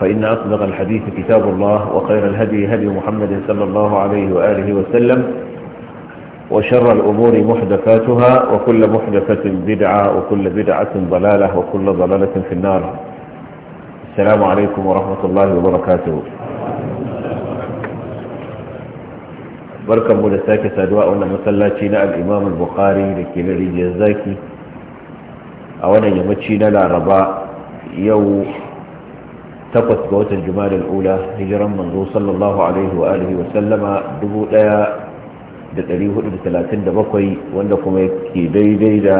فإن أصدق الحديث كتاب الله وخير الهدي هدي محمد صلى الله عليه وآله وسلم وشر الأمور محدثاتها وكل محدثة بدعة وكل بدعة ضلالة وكل ضلالة في النار السلام عليكم ورحمة الله وبركاته بركة مدساك سادواء ومسلاتنا الإمام البخاري لكي لرجي يزاكي أولا يمتشينا لعرباء يوم takwas ga watan jumada al'ula hijiran manzo sallallahu alaihi wa alihi wa sallama 1437 wanda kuma ke daidai da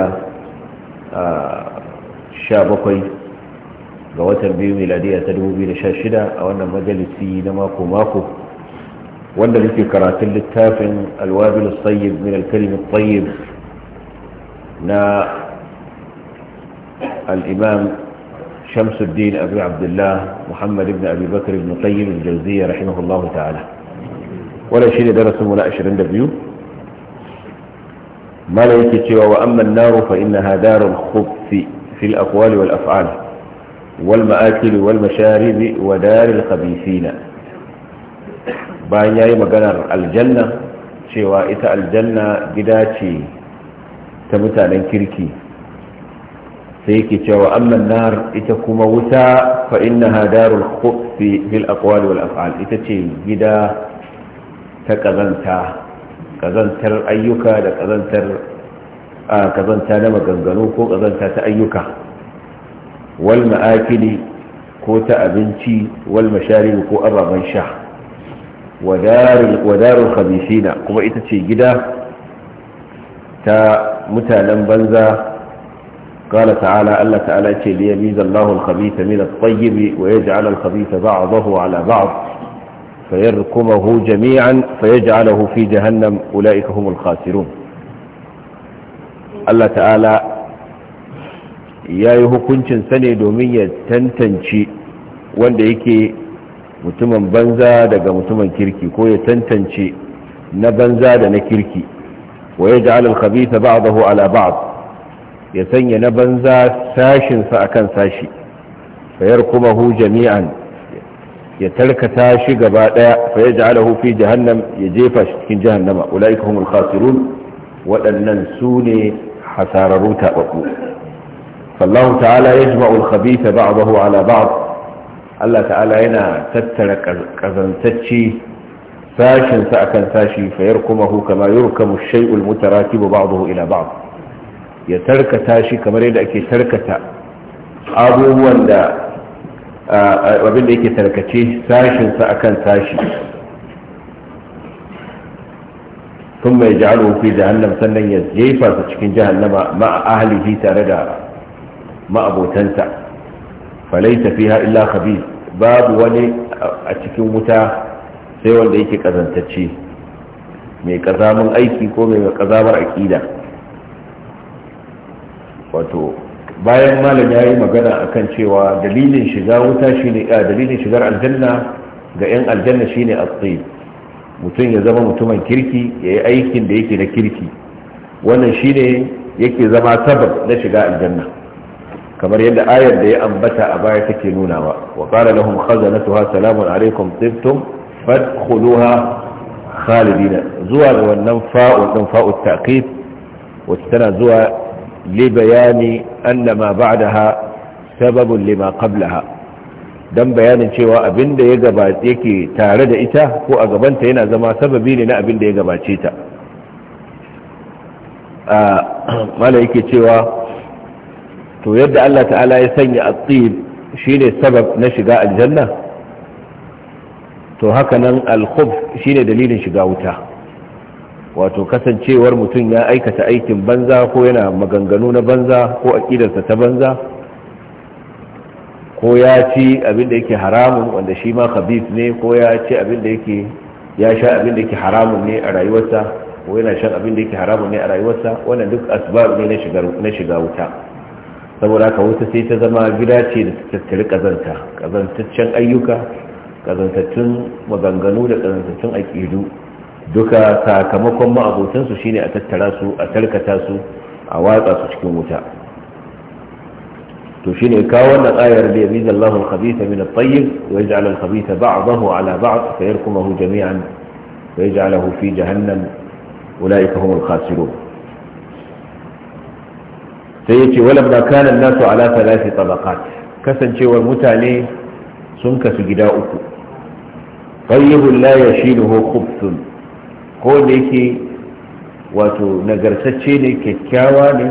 17 ga watan biyu miladiya ta 2016 a wannan majalisi na mako-mako wanda nake karatun littafin alwabil sayyid min alkalim tayyib na al-imam شمس الدين أبي عبد الله محمد بن أبي بكر بن قيم الجوزية رحمه الله تعالى ولا شيء درس ولا أشرين دبيو ما لا يكتوى وأما النار فإنها دار الخبث في الأقوال والأفعال والمآكل والمشارب ودار الخبيثين bayan ya yi maganar aljanna cewa ita aljanna gida ce ta mutanen kirki sai yake cewa amman nar ita kuma wuta fa innaha darul khubthi bil aqwali wal af'al ita ce gida ta kazanta kazantar ayyuka da kazantar kazanta na maganganu ko kazanta ta ayyuka wal ma'akili ko ta abinci wal masharib ko ababan sha wa darul khabithina kuma ita ce gida ta mutanen banza قال تعالى الله تعالى ليميز الله الخبيث من الطيب ويجعل الخبيث بعضه على بعض فيركمه جميعا فيجعله في جهنم أولئك هم الخاسرون الله تعالى ya yi hukuncin sane domin ya tantance wanda yake mutumin banza daga mutumin kirki ko ya tantance na banza da na kirki wa ya ji alal ya sanya na banza sashinsa a kan sashi fayar kuma hu jami'an ya tarkata shi gaba daya fayar ji alahu fi jahannam ya jefa shi cikin jahannama ula'ika humul khasirun waɗannan su ne hasararru taɓaɓɓu fallahu ta'ala ya jima'ul khabitha bahu ala ba'd Allah ta'ala yana tattara kazantacci sashinsa akan sashi fayar kuma hu kama yurkamu shay'ul mutarakibu ba'dahu ila ba ya tarkata shi kamar yadda ake tarkata abubuwan da abin da yake tarkace sashinsa a kan sashi sun mai ja'alu fi jahannam sannan ya jefa su cikin jahannama ma'a tare da ma'abotanta falaita har illa kabi babu wani a cikin wuta sai wanda yake kazantacce mai kazamin aiki ko mai kazamar aƙida wato bayan malam ya yi magana akan cewa dalilin shiga wuta shine a dalilin shigar aljanna ga 'yan aljanna shine atsi mutum ya zama mutumin kirki ya yi aikin da yake na kirki wannan shine yake zama sabab na shiga aljanna kamar yadda ayar da ya ambata a baya take nunawa wa qala lahum khazanatuha salamun alaikum tibtum fadkhuluha khalidina zuwa ga wannan fa'u din fa'u taqib wacce tana zuwa لبيان أن ما sababin سبب لما ha dan bayanin cewa abin da ya gabace yake tare da ita ko a gabanta yana zama sababi ne na abin da ya gabace ta a mala yake cewa to yadda Allah ta'ala ya sanya at-tib shine sabab na shiga aljanna to haka nan al shine dalilin shiga wuta wato kasancewar mutum ya aikata aikin banza ko yana maganganu na banza ko aƙidarsa ta banza ko ya ci abin da yake haramun wanda shi ma khabith ne ko ya ci abin da yake ya sha abin yake haramun ne a rayuwarsa ko yana shan abin da yake haramun ne a rayuwarsa wannan duk asbab ne na shiga wuta saboda haka wuta sai ta zama gida ce da ta tattare kazanta kazantaccen ayyuka kazantattun maganganu da kazantattun aƙidu duka sakamakon ma'abotansu shine a tattara su a tarkata su a watsa su cikin wuta to shine kawo wannan ayar da yabi Allahu al-khabitha min at-tayyib wa yaj'al al-khabitha ba'dahu ala ba'd kuma hu jami'an wa yaj'aluhu fi jahannam ulaika humul khasirun sai yace wala ma kana an-nasu ala thalathi tabaqat kasancewar mutane sun kasu gida uku tayyibun la yashiluhu khubthun ko wanda yake wato nagartacce ne kyakkyawa ne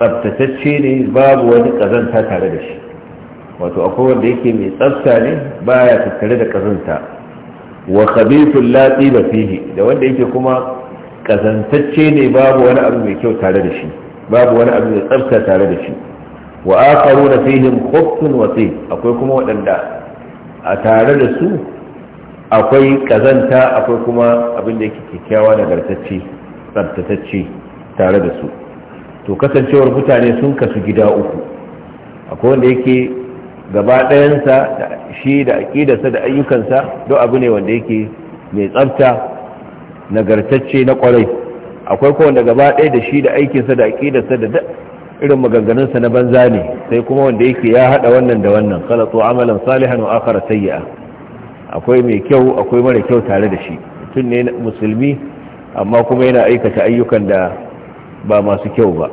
tsabtatacce ne babu wani kazanta tare da shi wato akwai wanda yake mai tsafta ne baya tattare da kazanta wa khabithul lati ba fihi da wanda yake kuma kazantacce ne babu wani abu mai kyau tare da shi babu wani abu mai tsafta tare da shi wa akharuna fihim khubthun wa akwai kuma wadanda a tare da su akwai kazanta akwai kuma abin da yake kyakkyawa nagartacce tsabtatacce tare da su to kasancewar mutane sun kasu gida uku akwai wanda yake gaba ɗayansa shi da aƙidarsa da ayyukansa don abu ne wanda yake mai tsabta nagartacce na kwarai akwai kuma wanda gaba ɗaya da shi da aikinsa da aƙidarsa da irin maganganunsa na banza ne sai kuma wanda yake ya haɗa wannan da wannan khalatu amalan salihan wa akara sayyi'a akwai mai kyau akwai mara kyau tare da shi mutum ne musulmi amma kuma yana aikata ayyukan da ba masu kyau ba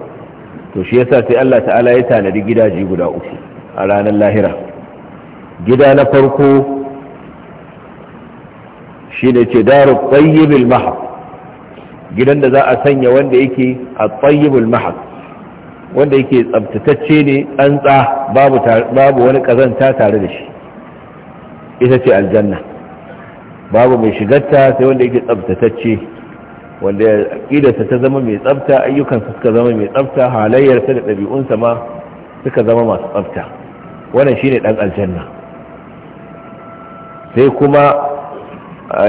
to shi yasa sai Allah ta'ala ya tanadi gidaje guda uku a ranar lahira gida na farko shi ne ce daru tsayyibul gidan da za a sanya wanda yake a tsayyibul wanda yake tsabtatacce ne tsantsa babu wani kazanta tare da shi ita ce aljanna babu mai shigarta sai wanda yake tsabtatacce wanda aqidarsa ta zama mai tsabta ayyukansa suka zama mai tsabta halayyarsa da ɗabi'unsa ma suka zama masu tsabta wannan shine dan aljanna sai kuma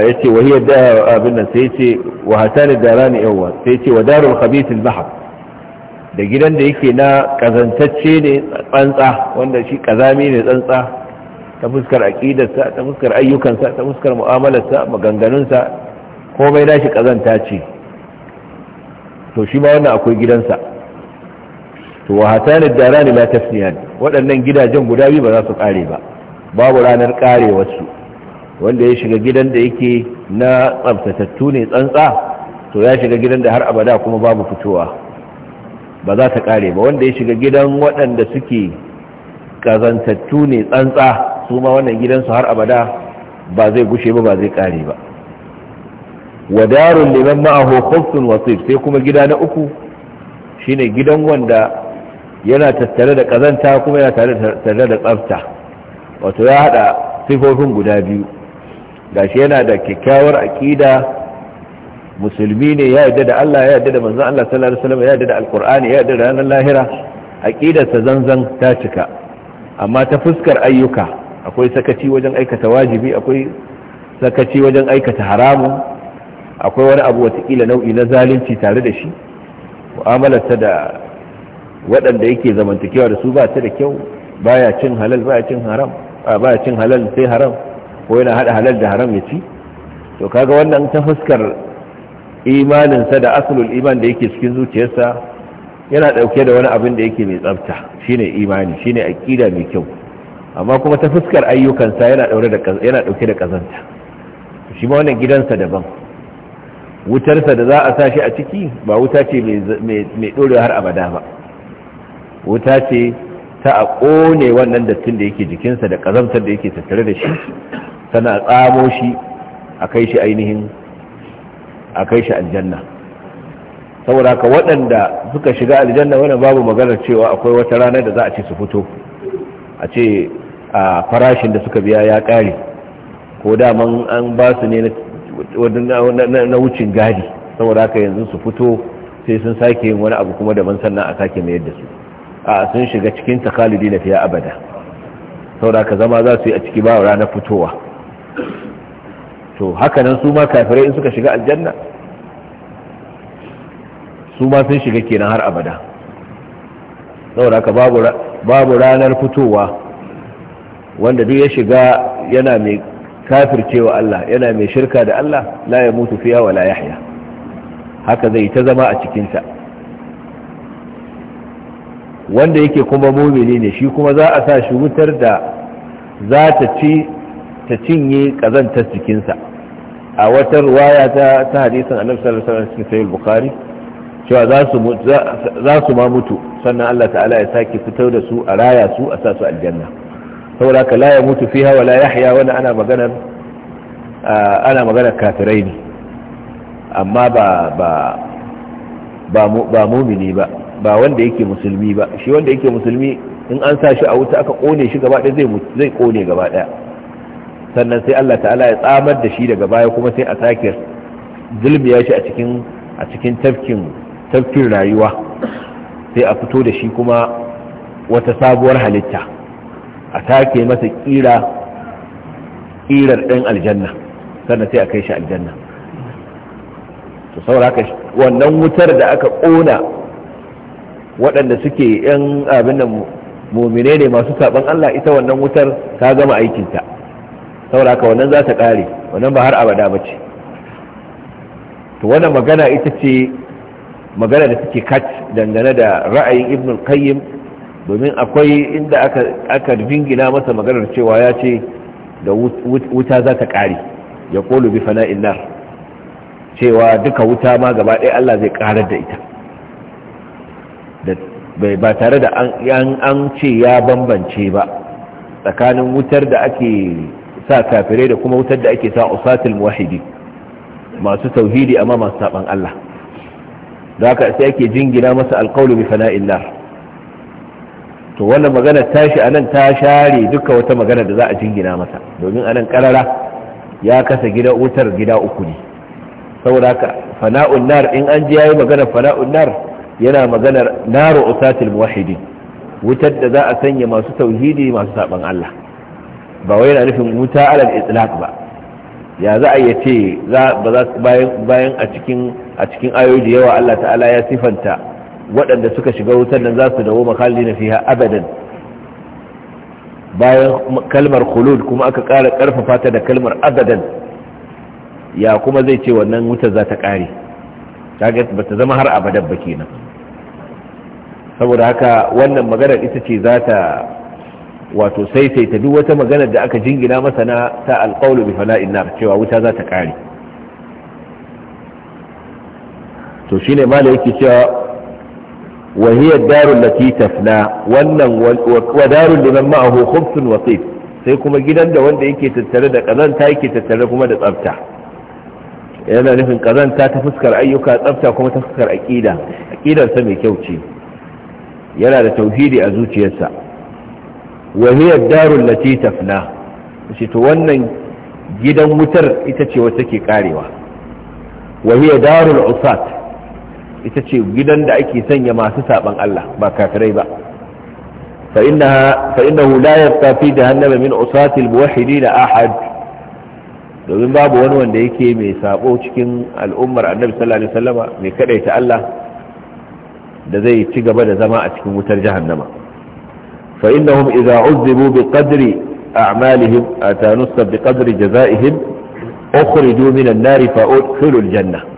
yace wahiyar da abin nan sai ce, wa hatani darani yawwa sai ce wa darul khabith al da gidan da yake na kazantacce ne tsantsa wanda shi ƙazami ne tsantsa ta fuskar aƙidarsa ta fuskar ayyukansa ta fuskar mu'amalarsa maganganunsa komai nashi kazanta ce to shi ma wannan akwai gidansa to wa dara ne la tafniyan waɗannan gidajen guda biyu ba za su kare ba babu ranar wasu wanda ya shiga gidan da yake na tsabtatattu ne tsantsa to ya shiga gidan da har abada kuma babu fitowa ba za ta kare ba wanda ya shiga gidan waɗanda suke kazantattu ne tsantsa su ma wannan gidansu har abada ba zai gushe ba ba zai kare ba wa darun liman ma'ahu khufsun wasif sai kuma gida na uku shine gidan wanda yana tattare da kazanta kuma yana tattare da tsafta wato ya hada sifofin guda biyu gashi yana da kyakkyawar aqida musulmi ne ya da Allah ya da manzon Allah sallallahu alaihi wasallam ya yarda da alqur'ani ya yarda da ranar lahira aƙidarsa zanzan ta cika amma ta fuskar ayyuka akwai sakaci wajen aikata wajibi akwai sakaci wajen aikata haramu akwai wani abu watakila nau'i na zalunci tare da shi mu'amalarsa da waɗanda yake zamantakewa da su ba ta da kyau baya cin halal baya cin haram baya cin halal sai haram ko yana hada halal da haram ya ci to kaga wannan ta fuskar imaninsa da aslul iman da yake cikin zuciyarsa yana ɗauke da wani abin da yake mai tsafta shine imani shine aqida mai kyau amma kuma ta fuskar ayyukansa yana ɗauke da ƙazanta shi ma wannan gidansa daban wutarsa da za a sa shi a ciki ba wuta ce mai ɗorewa har abada ba wuta ce ta a ƙone wannan dattin da yake jikinsa da ƙazantar da yake tattare da shi tana tsamo shi a kai shi ainihin a kai shi aljanna saboda haka waɗanda suka shiga aljanna wannan babu maganar cewa akwai wata ranar da za a ce su fito a ce a farashin da suka biya ya kare ko daman an ba su ne na wucin gadi saboda haka yanzu su fito sai sun sake yin wani abu kuma da man sannan a sake mayar da su a sun shiga cikin takalidi na fiya abada saboda haka zama za su yi a ciki ba ranar fitowa to hakanan su ma kafirai in suka shiga aljanna su ma sun shiga kenan har abada saboda haka babu ranar fitowa wanda duk ya shiga yana mai kafircewa Allah yana mai shirka da Allah la ya mutu fiya wa la yahya haka zai ta zama a cikinta wanda yake kuma mumini ne shi kuma za a sa shi wutar da za ta ci ta cinye kazantar cikinsa a wata ruwaya ta ta hadisin annabi sallallahu alaihi wasallam cikin bukhari cewa za su ma mutu sannan Allah ta'ala ya sake fitar da su a raya su a sa su aljanna saboda ka la ya mutu fi wala yahya wani ana maganar ana kafirai ne amma ba ba ba ba mumini ba ba wanda yake musulmi ba shi wanda yake musulmi in an sa shi a wuta aka kone shi gaba zai kone gaba sannan sai Allah ta'ala ya tsamar da shi daga baya kuma sai a sake zulmiya shi a cikin tafkin rayuwa sai a fito da shi kuma wata sabuwar halitta a take masa kira kirar ɗan aljanna sannan sai a kai shi aljanna to sauraka wannan wutar da aka ƙona waɗanda suke yan abin da mumine ne masu saɓan Allah ita wannan wutar ta gama aikinta sauraka wannan za ta ƙare wannan ba har abada ba ce to wannan magana ita ce magana da suke kat dangane da ra'ayin ibn qayyim domin akwai inda aka jingina masa maganar cewa ya ce da wuta za ta ƙari ya ƙolu bi fana'in nar cewa duka wuta ma gaba ɗaya Allah zai ƙarar da ita ba tare da an ce ya bambance ba tsakanin wutar da ake sa kafirai da kuma wutar da ake sa usatul muwahidi masu tauhidi amma masu saban Allah da haka sai ake jingina masa alƙaulu bi fana'in nar to wannan magana tashi anan ta share duka wata magana da za a jingina masa domin anan karara ya kasa gida wutar gida uku ne saboda ka, fana'un nar in an ji yayi magana fana'un nar yana maganar naru usatil muwahhidin wutar da za a sanya masu tauhidi masu saban Allah ba wai yana nufin wuta alal itlaq ba ya za a yace za ba za bayan bayan a cikin a cikin ayoyi da yawa Allah ta'ala ya sifanta waɗanda suka shiga wutar nan za su dawo makalli na fiha abadan bayan kalmar khulud kuma aka ƙara ƙarfafa ta da kalmar abadan ya kuma zai ce wannan wutar za ta ƙare ba ta zama har abadan ba kenan saboda haka wannan maganar ita ce za ta wato saisaita duk wata maganar da aka jingina masa na ta alƙawlu bi fala'in nar cewa wuta za ta ƙare to shine mala yake cewa wa hiya darul lati tafna wannan wa darul liman ma'ahu sai kuma gidan da wanda yake tattare da kazanta yake tattare kuma da tsafta yana nufin kazanta ta fuskar ayyuka tsafta kuma ta fuskar aqida aqidar sa mai kyau ce yana da tauhidi a zuciyarsa wa hiya darul lati tafna shi to wannan gidan wutar ita ce wacce ke karewa wa hiya darul usat ita ce gidan da ake sanya masu saban Allah ba kafirai ba fa innahu la yabqa da jahannama min usatil al-muwahhidin ahad domin babu wani wanda yake mai sabo cikin al'ummar Annabi sallallahu alaihi wasallama mai kadaita Allah da zai ci gaba da zama a cikin wutar jahannama fa innahum idza uzibu bi qadri a'malihim atanu bi qadri jazaihim ukhriju min an-nar fa udkhilu al-jannah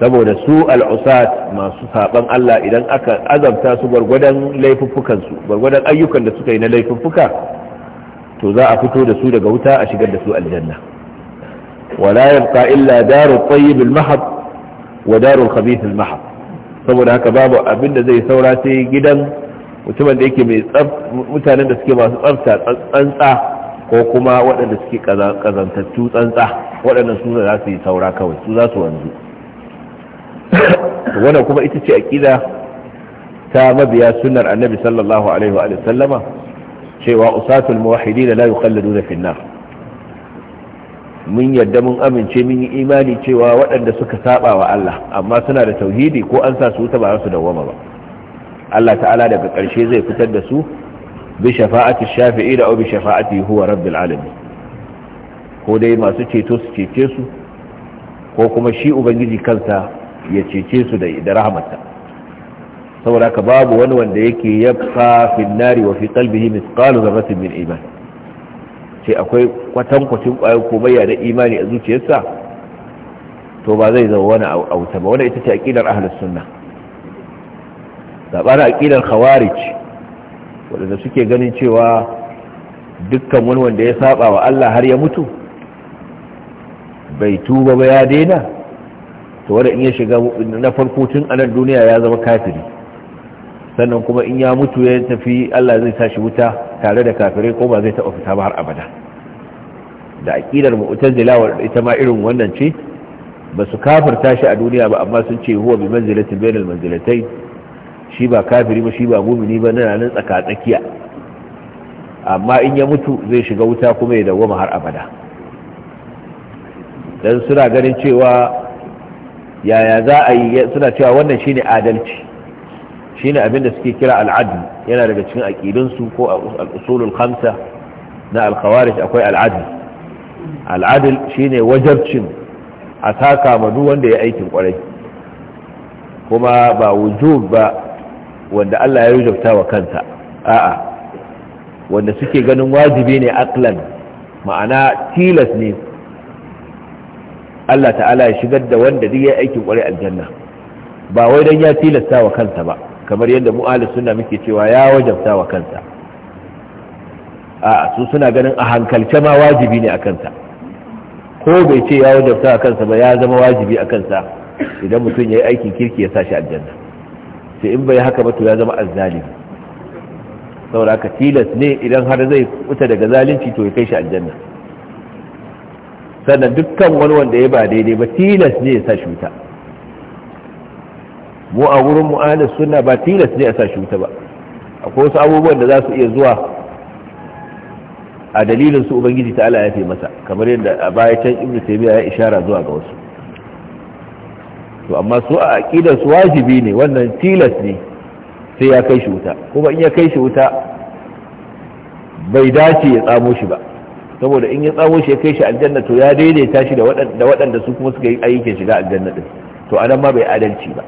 saboda su al'usat masu saɓan Allah idan aka azabta su gwargwadon laifuffukansu gwargwadon ayyukan da suka yi na laifuffuka to za a fito da su daga wuta a shigar da su aljanna wala yabqa illa daru tayyib al-mahab wa daru khabith al-mahab saboda haka babu abin da zai saura sai gidan mutumin da yake mai tsaf mutanen da suke masu tsafta tsantsa ko kuma waɗanda suke kazantattu tsantsa waɗannan su za su yi saura kawai su za su wanzu wannan kuma ita ce aqida ta mabiya sunnar annabi sallallahu alaihi wa sallama cewa usatul muwahhidin la yuqalladuna fi an-nar mun yadda mun amince mun yi imani cewa waɗanda suka saba wa Allah amma suna da tauhidi ko an sa su wuta ba su dawwama ba Allah ta'ala daga ƙarshe zai fitar da su bi shafa'ati shafi'i da bi shafa'ati huwa rabbil alamin ko dai masu ceto su cece su ko kuma shi ubangiji kansa ya cece su da rahmata saboda ka babu wani wanda yake yabqa fi nari wa fi qalbihi mithqalu dharratin min iman ce akwai kwatankwacin ƙwayar komayya na imani a zuciyarsa to ba zai zama wani auta ba wani ita ce aƙidar ahlus sunna zaɓar aƙidar khawarij waɗanda suke ganin cewa dukkan wani wanda ya saba wa Allah har ya mutu bai tuba ba ya daina to wanda in ya shiga na farko tun anan duniya ya zama kafiri sannan kuma in ya mutu ya tafi Allah zai tashi wuta tare da kafirai ko ba zai taɓa fita ba har abada da aƙidar mu'tazila wa ita ma irin wannan ce ba su kafirta shi a duniya ba amma sun ce huwa bi manzilatin bainal manzilatai shi ba kafiri ba shi ba mumini ba nan nan tsaka tsakiya amma in ya mutu zai shiga wuta kuma ya dawwama har abada dan suna ganin cewa yaya za a yi suna cewa wannan shine adalci shine abin da suke kira al'adl yana daga cikin aqidinsu ko al-usulul khamsa na al-khawarij akwai al'adl al'adl shine wajabcin a saka ma duk wanda ya aikin kwarai kuma ba wujub ba wanda Allah ya wajabta wa kansa a'a wanda suke ganin wajibi ne aqlan ma'ana tilas ne Allah ta'ala ya shigar da wanda duk ya aikin kwarai aljanna ba wai dan ya tilasta wa kansa ba kamar yadda mu suna sunna muke cewa ya wajabta wa kansa a su suna ganin a hankalce ma wajibi ne a kansa ko bai ce ya wajabta wa kansa ba ya zama wajibi a kansa idan mutum ya yi aikin kirki ya sa shi aljanna sai in bai haka ba to ya zama azzalimi saboda haka tilas ne idan har zai fita daga zalunci to ya kai shi aljanna sannan dukkan wani wanda ya ba daidai ba tilas ne ya sa shi wuta mu a wurin mu'anis suna ba tilas ne ya sa shi wuta ba akwai wasu abubuwan da za su iya zuwa a dalilin su ubangiji ta ala ya fi masa kamar yadda a baya can ibn taymiya ya ishara zuwa ga wasu to amma su a aqidar su wajibi ne wannan tilas ne sai ya kai shi wuta kuma in ya kai shi wuta bai dace ya tsamo shi ba saboda in ya tsawo shi ya kai shi aljanna to ya daidaita shi da waɗanda su kuma suka yi aikin shiga aljanna din to anan ma bai adalci ba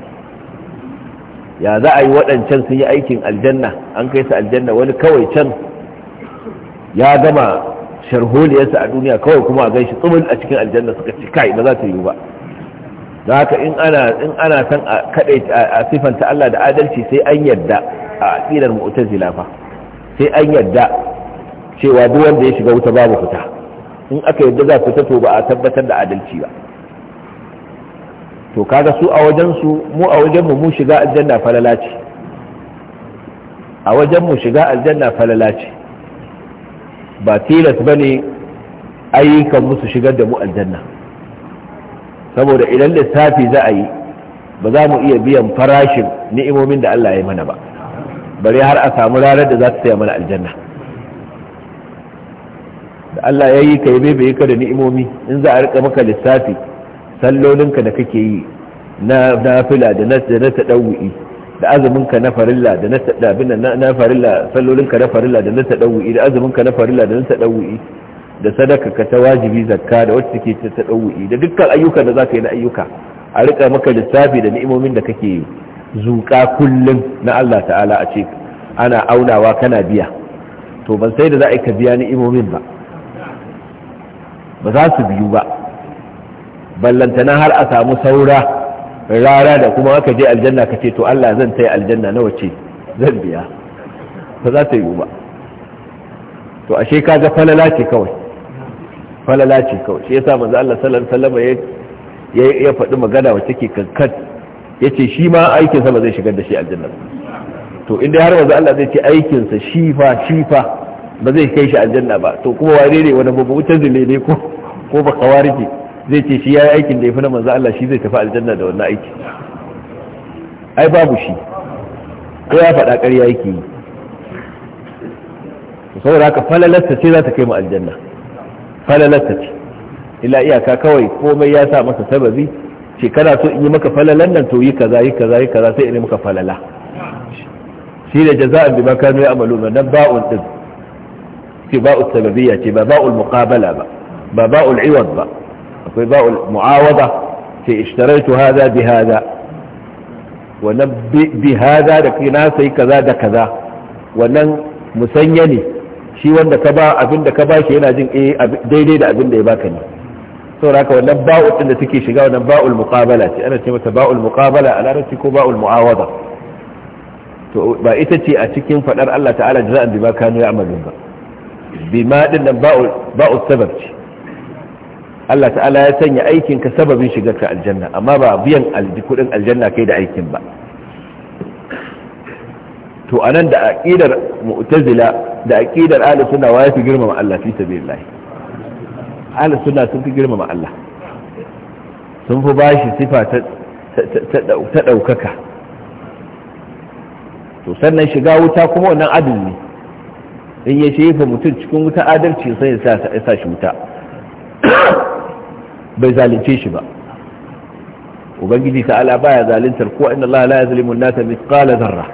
ya za a yi waɗancan sun yi aikin aljanna an kai su aljanna wani kawai can ya gama sharholiyarsa a duniya kawai kuma a gaishe tsumul a cikin aljanna suka ci kai ba za ta yi ba da haka in ana in ana san a kaɗai a sifanta Allah da adalci sai an yadda a aqidar mu'tazila fa sai an yadda cewa duk wanda ya shiga wuta babu fita in aka yadda za fita to ba a tabbatar da adalci ba to kaga su a wajen su mu a wajen mu shiga aljanna falala ce a shiga aljanna falala ce ba tilas bane ayyukan musu shigar da mu aljanna saboda idan lissafi za a yi ba za mu iya biyan farashin ni'imomin da Allah ya mana ba bare har a samu ranar da za ta saya mana aljanna da Allah ya yi ka yabe bai ka da ni'imomi in za a rika maka lissafi sallolinka da kake yi na nafila da na da tadawu'i da azuminka na farilla da na tadabin na farilla sallolinka na farilla da na tadawu'i da azuminka na farilla da na tadawu'i da sadaka ka ta wajibi zakka da wacce ke ta tadawu'i da dukkan ayyuka da zaka yi na ayyuka a rika maka lissafi da ni'imomin da kake zuka kullum na Allah ta'ala a ce ana aunawa kana biya to ban sai da za a yi ka biya ni'imomin ba ba za su biyu ba ballantana har a samu saura rara da kuma aka je aljanna ka ce to Allah zan taya aljanna na ce zan biya ba za ta yiwu ba to ashe kaga falala ce kawai falala ce kawai shi yasa manzo Allah sallallahu alaihi wasallam ya faɗi magana wacce ke kankan yace shi ma aikin sa ba zai shigar da shi aljanna to inda har manzo Allah zai ce aikin sa shifa shifa. ba zai kai shi aljanna ba to kuma wane ne wani babu wutar zile ne ko ko ba kawarji zai ce shi ya yi aikin da ya fi na manzo Allah shi zai tafi aljanna da wannan aiki ai babu shi ko ya faɗa ƙarya yake yi saboda haka falalarsa ce za ta kai mu aljanna falalarsa ce ila iyaka kawai komai ya sa masa sababi ce kana so in yi maka falalan nan to yi kaza yi kaza yi kaza sai in yi maka falala shi da jaza'an bi ma kanu ya amalu nan ba'un din ce ba'u sababiyya ce ba ba'ul muqabala ba ba ba'ul iwad ba akwai ba'ul mu'awada ce ishtaraitu hada bi hada wannan bi hada da na sai kaza da kaza wannan musanya ne shi wanda ka ba abin ka ba shi yana jin eh daidai da abin da ya baka ne saboda haka wannan ba'u din da take shiga wannan muqabala ce ana ce mata muqabala a larabci ko ba'ul mu'awada to ba ita ce a cikin faɗar Allah ta'ala jaza'an bima kanu amalin ba bima din nan ba'u sabab ce Allah ta'ala ya sanya aikin ka sababin shigarka aljanna amma ba biyan kudin aljanna kai da aikin ba to anan da aqidar mu'tazila da aqidar ahlus sunna wa yafi girmama Allah fi sabilillah ahlus sunna sun fi girmama Allah sun fi bashi sifa ta daukaka to sannan shiga wuta kuma wannan adil ne in ya shefa mutum cikin wuta adalci sai ya sa shi wuta bai zalunce shi ba ubangiji ta ala baya zaluntar kowa inna Allah la yazlimu an-nasa mithqala dharra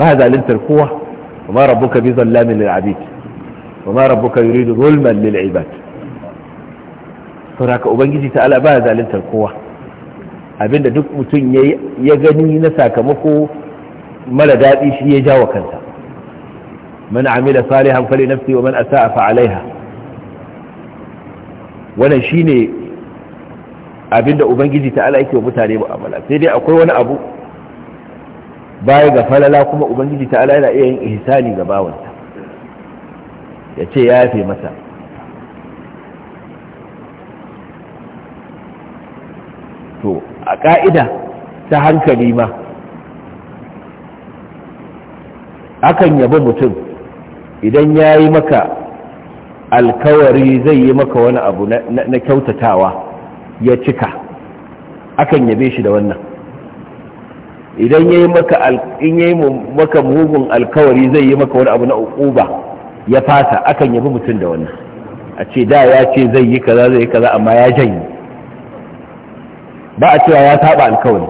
baya zaluntar kowa kuma rabbuka bi zallamin lil 'abid kuma rabbuka yuridu zulman lil 'ibad saboda ubangiji ala baya zaluntar kowa abinda duk mutum ya gani na sakamako mala daɗi shi ya jawo kansa man amila salihan fali nafsi wa man asa'a fa alaiha abinda ubangiji ta alaiki wa mutane mu'amala sai dai akwai wani abu baya ga falala kuma ubangiji alaiki yana iya yin ihsani ga bawansa ya ce ya yafe masa to a ka'ida ta hankali ma akan yabi mutum idan ya yi maka alkawari zai yi maka wani abu na kyautatawa ya cika akan yabe shi da wannan idan ya yi maka mugun alkawari zai yi maka wani abu na uquba ya fata akan yabi mutum da wannan a ce da ya ce zai yi kaza zai yi kaza amma ya janye ba a cewa ya saba alkawari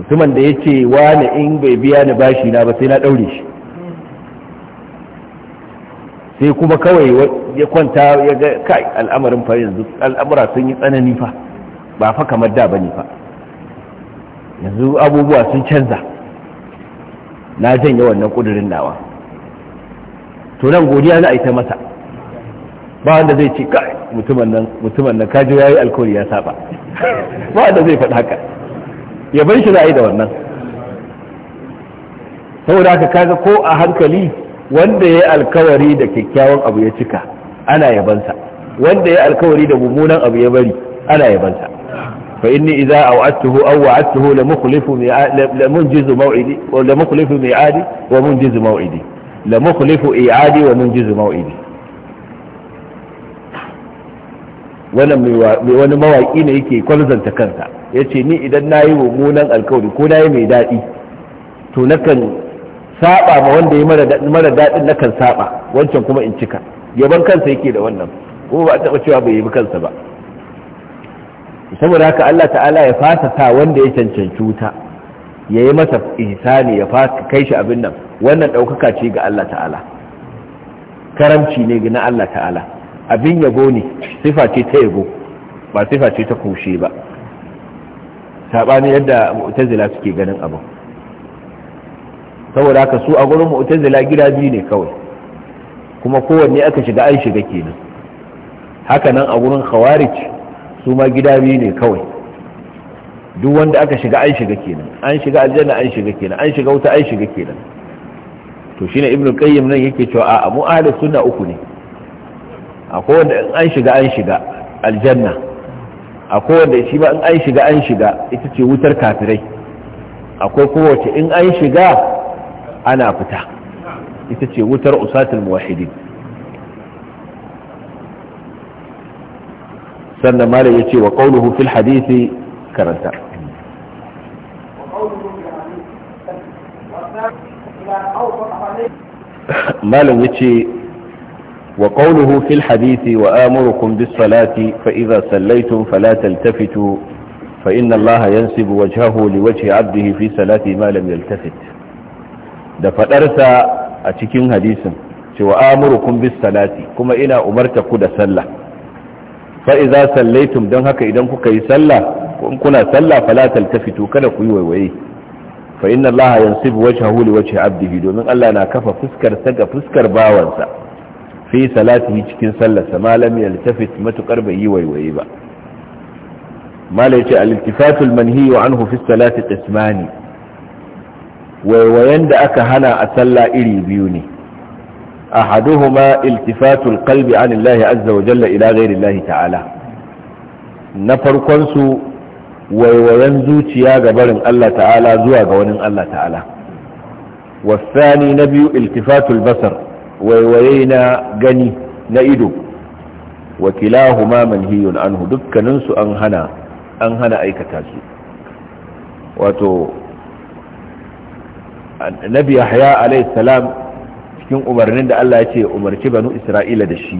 mutumin da ya ce wani in bai biya ni bashi na ba sai na daure shi sai kuma kawai ya kwanta ya ga kai al'amarin fa yanzu al'amura sun yi tsanani fa ba fa kamar da bane fa yanzu abubuwa sun canza na janye wannan kudirin nawa to nan godiya za a yi ta masa ba wanda zai ce kai mutumin nan mutumin nan kaji yayi alkawari ya saba ba wanda zai faɗa haka ya bar shi za a yi da wannan saboda haka kaga ko a hankali wanda ya alkawari da kyakkyawan abu ya cika ana yabansa wanda ya alkawari da mummunan abu ya bari ana yabansa fa inni idza aw'adtuhu aw wa'adtuhu la mukhlifu la munjizu maw'idi wa la mukhlifu mi'adi wa munjizu maw'idi la mukhlifu i'adi wa munjizu maw'idi Wannan wani mawaƙi ne yake kwalzanta kansa ya ce ni idan nayi yi mummunan alkawari ko na yi mai daɗi to nakan saba ma wanda ya mara daɗin na kan saba wancan kuma in cika yaban kansa yake da wannan kuma ba a taɓa cewa bai yi kansa ba saboda haka Allah ta'ala ya fasa ta wanda ya cancanci wuta ya yi masa ihsani ya fasa kai shi abin nan wannan ɗaukaka ce ga Allah ta'ala karamci ne na Allah ta'ala abin yabo ne sifa ce ta yabo ba sifa ce ta kushe ba saɓani yadda mu'tazila suke ganin abu saboda haka su a gurin mu'tazila gida biyu ne kawai kuma kowanne aka shiga an shiga kenan haka nan a gurin khawarij su ma gida biyu ne kawai duk wanda aka shiga an shiga kenan an shiga aljanna an shiga kenan an shiga wuta an shiga kenan to shine ibnu qayyim nan yake cewa a'a mu ahli sunna uku ne akwai wanda in an shiga an shiga aljanna akwai wanda shi ba in an shiga an shiga ita ce wutar kafirai akwai kowace in an shiga أنا أفتح يتتشي وتر أسات الموحدين سنة مالي يتشي وقوله في الحديث كرنتا مالي يتشي وقوله في الحديث وآمركم بالصلاة فإذا سليتم فلا تلتفتوا فإن الله ينسب وجهه لوجه عبده في صلاة ما لم يلتفت da fadarsa a cikin hadisin cewa amurukum bis salati kuma ina umarta ku da sallah fa idza sallaitum dan haka idan kuka yi sallah kun kuna sallah fala taltafitu kada ku yi waiwaye fa inna allaha yansibu wajhahu li wajhi abdihi domin Allah na kafa fuskar sa ga fuskar bawansa fi salatihi cikin sallarsa malam lam yaltafit matukar bai yi waiwaye ba mala yace al-iltifatul manhiyu anhu fi salati qismani waiwayen da aka hana a sallah iri biyu ne ahaduhuma iltifatul kalbi an Allah azza wa jalla ila ghairi ta'ala na farkon su waiwayen zuciya ga barin Allah ta'ala zuwa ga wani Allah ta'ala wasani na biyu iltifatul basar waiwaye na gani na ido wakilahuma manhiyun anhu dukkaninsu an hana an hana aikata su wato nabi yahya alayhi salam cikin umarnin da Allah ya ce umarci banu isra'ila da shi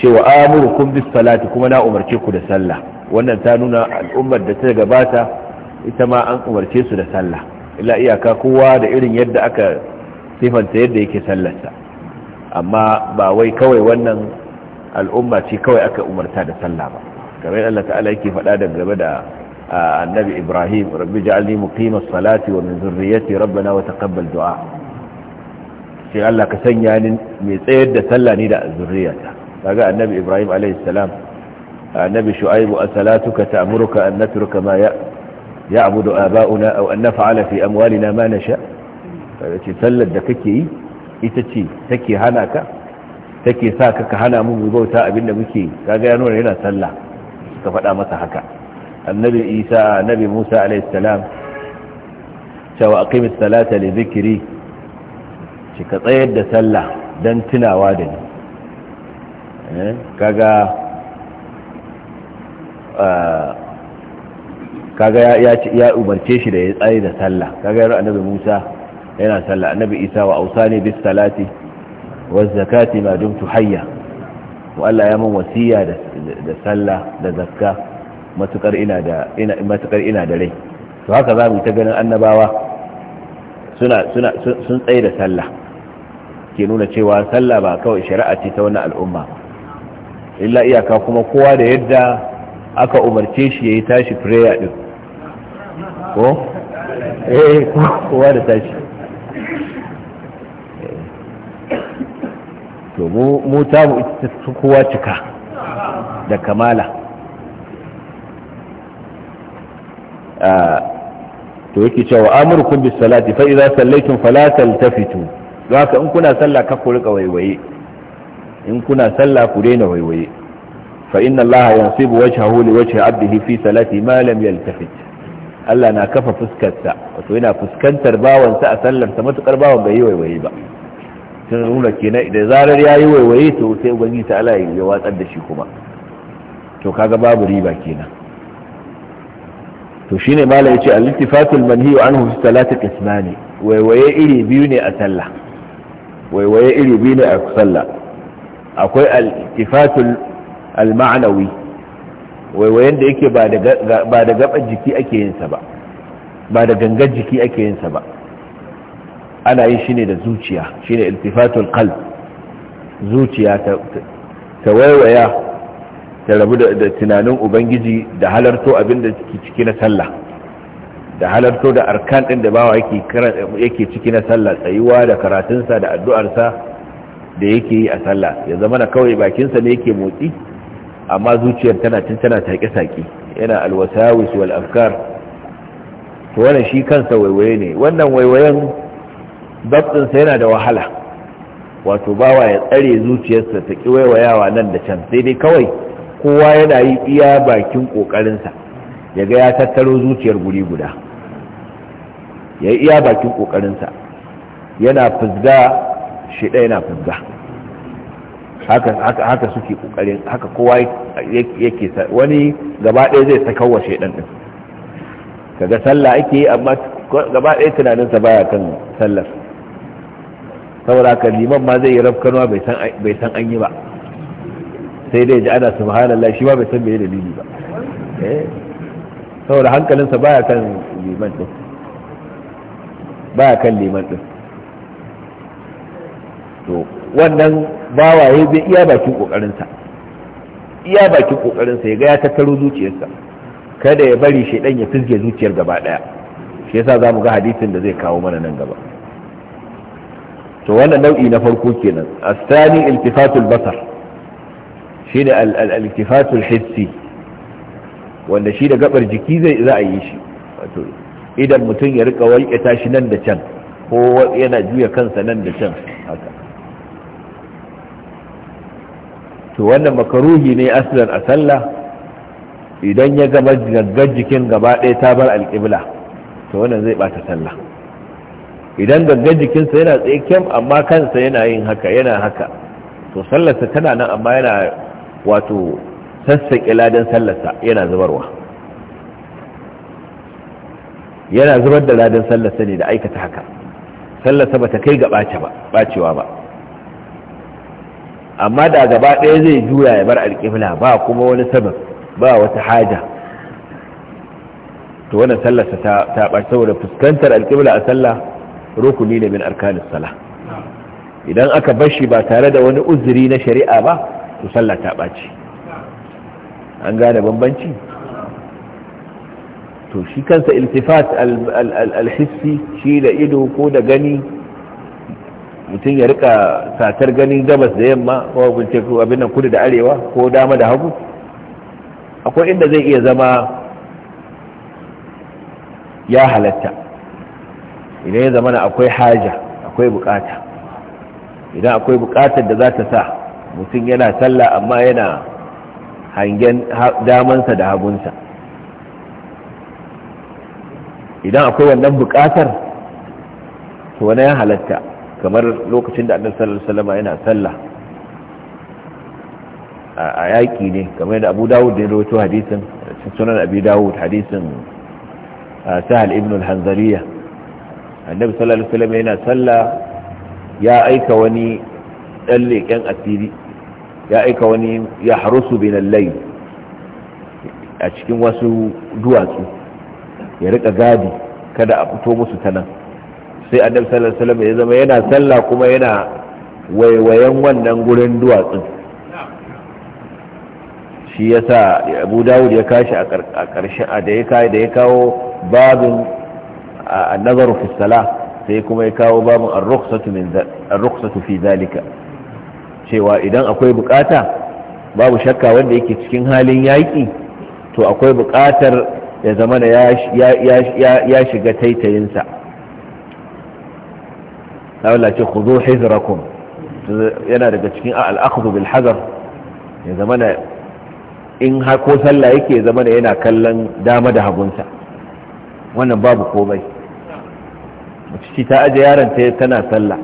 cewa amurukum bis salati kuma na umarce ku da sallah wannan ta nuna al'ummar da ta gabata ita ma an umarce su da sallah illa iyaka kowa da irin yadda aka sifanta yadda yake sallarsa amma ba wai kawai wannan al'umma ce kawai aka umarta da sallah ba kamar Allah ta'ala yake faɗa da gaba da annabi ibrahim rabbi ja'alni muqimas salati wa min zurriyyati rabbana wa taqabbal du'a sai Allah ka sanya ni mai tsayar da sallah ni da zurriyata kaga annabi ibrahim alayhi salam annabi shu'aib asalatuka ta'muruka an natruka ma ya'budu aba'una aw an naf'ala fi amwalina ma nasha kaga ce sallar da kake yi ita ce take hana ka take sa ka ka hana mu bauta abinda muke kaga ya nuna yana sallah ka faɗa masa haka annabi isa annabi musa alaihi salam cewa aqimis salata li zikri ki ka tsayar da sallah dan tunawa da ni eh, kaga kaga ya umarce shi da ya tsaye da sallah kaga yaro annabi musa yana sallah annabi isa wa ausani bis salati waz zakati ma dumtu hayya wa Allah ya mun wasiya da sallah da zakka matukar ina da rai to haka za mu ta ganin annabawa sun tsaye da sallah ke nuna cewa sallah ba kawai shari'a ce ta wani al'umma illa iyaka kuma kowa da yadda aka umarce shi yayi tashi prayer din ko eh kowa da tashi to mu mu ta mu ita kowa cika da kamala to yake cewa amurkum bis salati fa idza sallaitum fala taltafitu don haka in kuna sallah ka ku rika waiwaye in kuna sallah ku daina waiwaye fa inna allaha yansibu wajhahu li wajhi abdihi fi salati ma lam yaltafit Allah na kafa fuskarsa wato yana fuskantar bawansa a sallarsa matukar bawan bai yi waiwaye ba sun nuna kenan da zarar ya yi waiwaye to sai ubangiji ta Allah ya watsar da shi kuma to kaga babu riba kenan to shine mala yace al-iltifatul manhiyu anhu fi salati qismani waiwaye iri biyu ne a sallah waiwaye iri biyu ne a sallah akwai al-iltifatul al-ma'nawi waiwayen da yake ba da ba da gaban jiki ake yin sa ba ba da gangan jiki ake yin sa ba ana yin shine da zuciya shine iltifatul qalb zuciya ta waiwaya ta rabu da tunanin ubangiji da halarto abin da ke ciki na sallah da halarto da arkan din da bawa yake ciki na sallah tsayuwa da karatunsa da addu'arsa da yake yi a sallah ya zama na kawai bakinsa ne yake motsi amma zuciyar tana cin tana yana alwasawis wal afkar to wannan shi kansa waiwaye ne wannan waiwayen dabtinsa yana da wahala wato bawa ya tsare zuciyarsa ta ƙi waiwayawa nan da can sai dai kawai kowa yana yi iya bakin ƙoƙarinsa yaga ya tattaro zuciyar guri guda ya yi iya bakin ƙoƙarinsa yana fuzga shi ɗaya yana fuzga haka suke ƙoƙarin haka kowa yake wani gaba ɗaya zai sakawa shaidan ɗin kaga sallah ake yi amma gaba ɗaya tunaninsa baya kan sallar saboda haka liman ma zai yi rafkanuwa bai san an yi ba sai dai ji ana subhanallah shi ba bai san meye dalili ba eh? saboda hankalinsa baya kan liman din baya kan liman din to wannan bawaye bai iya bakin kokarinsa iya bakin kokarinsa ya ga ya tattaro zuciyarsa kada ya bari shaidan ya fizge zuciyar gaba daya shi yasa zamu ga hadisin da zai kawo mana nan gaba to wannan nau'i na farko kenan astani iltifatul basar shi da al'altifatul hissi wanda shi da gabar jiki zai za a yi shi wato idan mutum ya rika wanke tashi nan da can ko yana juya kansa nan da can haka to wannan makaruhi ne aslan a sallah idan ya gaba gangar jikin gaba ɗaya ta bar alƙibla to wannan zai bata sallah idan gangar jikinsa yana tsaye kyam amma kansa yana yin haka yana haka to sallarsa tana nan amma yana wato sassaƙe ladan sallarsa yana zubarwa yana zubar da ladan sallarsa ne da aikata haka sallarsa ba ta kai ga ɓacewa ba amma da gaba ɗaya zai juya ya bar alƙibla ba kuma wani sabab ba wata haja to wannan sallarsa ta ɓace saboda fuskantar alƙibla a sallah rukuni ne min arkanin sallah idan aka bashi ba tare da wani uzuri na shari'a ba to sallah ta ɓaci an gane bambanci to shi kansa iltifat alhissi shi da ido ko da gani mutum ya rika satar ganin gabas da yamma ko bince abin nan kudu da arewa ko dama da hagu akwai inda zai iya zama ya halatta idan ya zama akwai haja akwai bukata idan akwai bukatar da za ta sa mutum yana sallah amma yana hangen damansa da hagunsa idan akwai wannan bukatar to wani ya halatta kamar lokacin da annabi sallallahu alaihi wasallam yana sallah a yaki ne kamar yadda abu dawud ne rawaito hadisin sunan abi dawud hadisin sahal ibn al-hanzaliya annabi sallallahu alaihi wasallam yana sallah ya aika wani ɗan leken asiri ya aika wani ya harusu binallai a cikin wasu duwatsu ya rika gadi kada a fito musu ta nan sai annabi sallallahu alaihi wasallam ya zama yana sallah kuma yana waiwayen wannan gurin duwatsun shi yasa Abu Dawud ya kashi a ƙarshen da ya da ya kawo babin an nazaru fi sai kuma ya kawo babin ar-rukhsatu min fi zalika cewa idan akwai bukata babu shakka wanda yake cikin halin yaƙi to akwai bukatar ya zama da ya shiga taitayinsa Allah ce ku zo yana daga cikin al'akhdu bil ya zama da in ko sallah yake zama da yana kallon dama da hagunsa wannan babu komai mace ta aje yaron ta tana sallah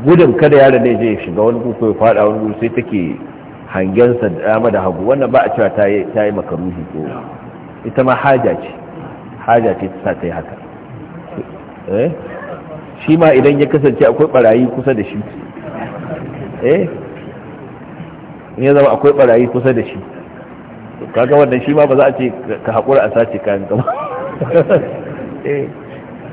gudun kada yaron ne je shiga wani kuku ya fada wani guri sai take hangensa dama da hagu wannan ba a cewa ta yi makaruhi ko ita ma haja ce haja ce ta ta yi haka eh? shi ma idan ya kasance akwai barayi kusa da shi eh ya zama akwai barayi kusa da shi kaga wannan shi ma ba za a ce ka haƙura a sace kayan gaba eh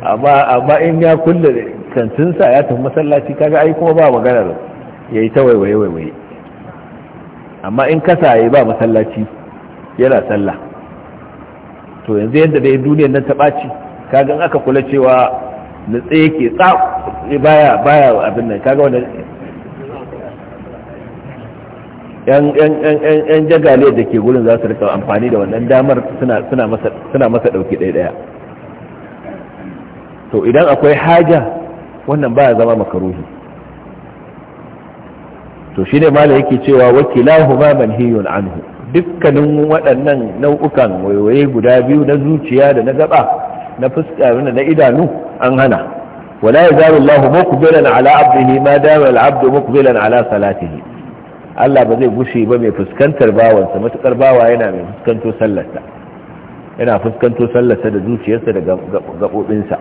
amma in ya kulle kantinsa ya tafi masallaci kaga ai kuma ba maganar ya yi ta waiwaye waiwaye amma in kasa ya ba masallaci yana sallah to yanzu yadda dai duniyar nan ta ɓaci kaga in aka kula cewa na tsaye ke baya baya abin nan kaga wannan yan jagale da ke gurin za su rika amfani da wannan damar suna masa ɗauki ɗaya ɗaya to idan akwai haja wannan baya zama makaruhi to shi ne mala yake cewa wakilahuma manhiyun anhu dukkanin waɗannan nau'ukan waiwaye guda biyu na zuciya da na gaba na fuska na idanu an hana wala yazalu Allahu muqbilan ala abdihi ma dama al-abdu muqbilan ala salatihi Allah ba zai gushe ba mai fuskantar bawansa matukar bawa yana mai fuskanto sallarsa yana fuskanto sallarsa da zuciyarsa da gaɓoɓinsa